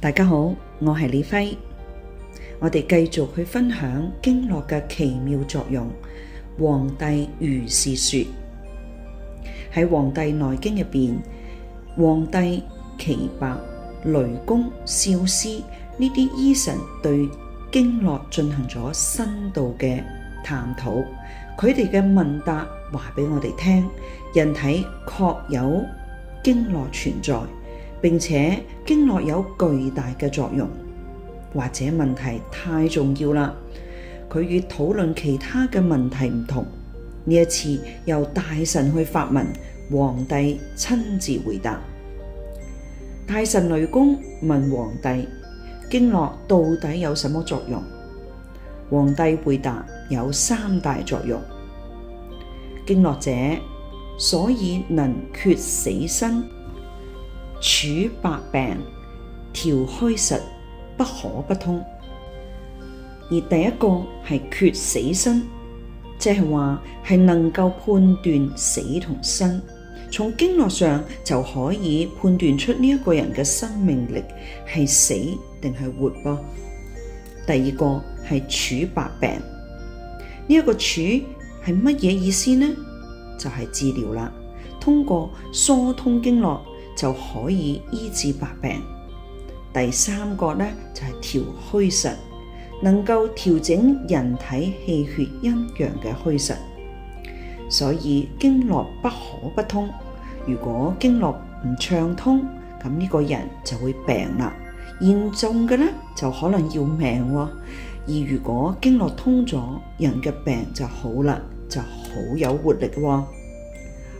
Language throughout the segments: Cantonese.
大家好，我係李輝，我哋繼續去分享經絡嘅奇妙作用。黃帝如是說：喺《黃帝內經》入面，黃帝、岐伯、雷公、少師呢啲醫神對經絡進行咗深度嘅探討，佢哋嘅問答話俾我哋聽，人體確有經絡存在。並且經絡有巨大嘅作用，或者問題太重要啦，佢與討論其他嘅問題唔同。呢一次由大臣去發問，皇帝親自回答。大臣雷公問皇帝：經絡到底有什麼作用？皇帝回答：有三大作用。經絡者，所以能決死生，處百病，調虛實，不可不通。而第一個係決死生，即係話係能夠判斷死同生，從經絡上就可以判斷出呢一個人嘅生命力係死定係活。第二個係處百病，呢、這、一個處係乜嘢意思呢？就係、是、治療啦，通過疏通經絡。就可以醫治百病。第三個咧就係、是、調虛實，能夠調整人體氣血陰陽嘅虛實。所以經絡不可不通。如果經絡唔暢通，咁呢個人就會病啦。嚴重嘅咧就可能要命、喎。而如果經絡通咗，人嘅病就好啦，就好有活力、喎。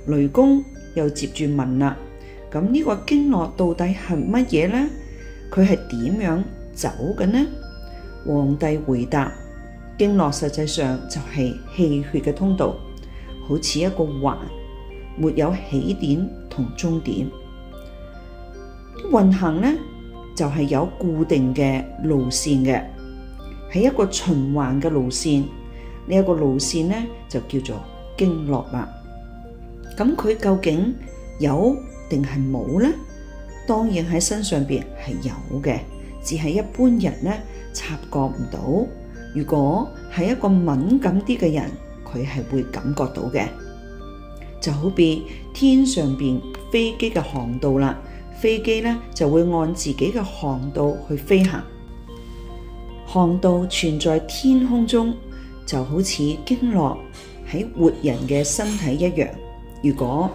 雷公又接住問啦。咁呢個經絡到底係乜嘢咧？佢係點樣走嘅呢？皇帝回答：經絡實際上就係氣血嘅通道，好似一個環，沒有起點同終點。運行呢就係有固定嘅路線嘅，係一個循環嘅路線。呢一個路線呢就叫做經絡啦。咁佢究竟有？定係冇咧？當然喺身上邊係有嘅，只係一般人咧，察覺唔到。如果係一個敏感啲嘅人，佢係會感覺到嘅。就好比天上邊飛機嘅航道啦，飛機咧就會按自己嘅航道去飛行。航道存在天空中，就好似經絡喺活人嘅身體一樣。如果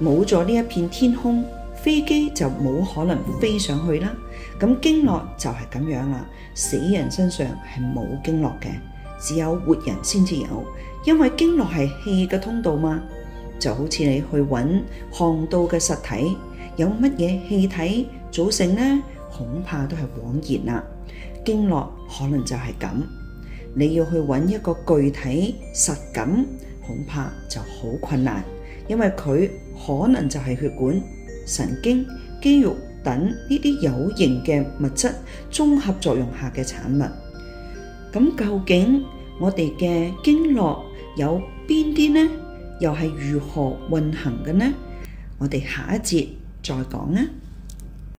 冇咗呢一片天空，飛機就冇可能飛上去啦。咁經絡就係咁樣啦，死人身上係冇經絡嘅，只有活人先至有。因為經絡係氣嘅通道嘛，就好似你去搵航道嘅實體，有乜嘢氣體組成呢？恐怕都係枉然啦。經絡可能就係咁，你要去搵一個具體實感，恐怕就好困難。因為佢可能就係血管、神經、肌肉等呢啲有形嘅物質綜合作用下嘅產物。咁究竟我哋嘅經絡有邊啲呢？又係如何運行嘅呢？我哋下一節再講吖。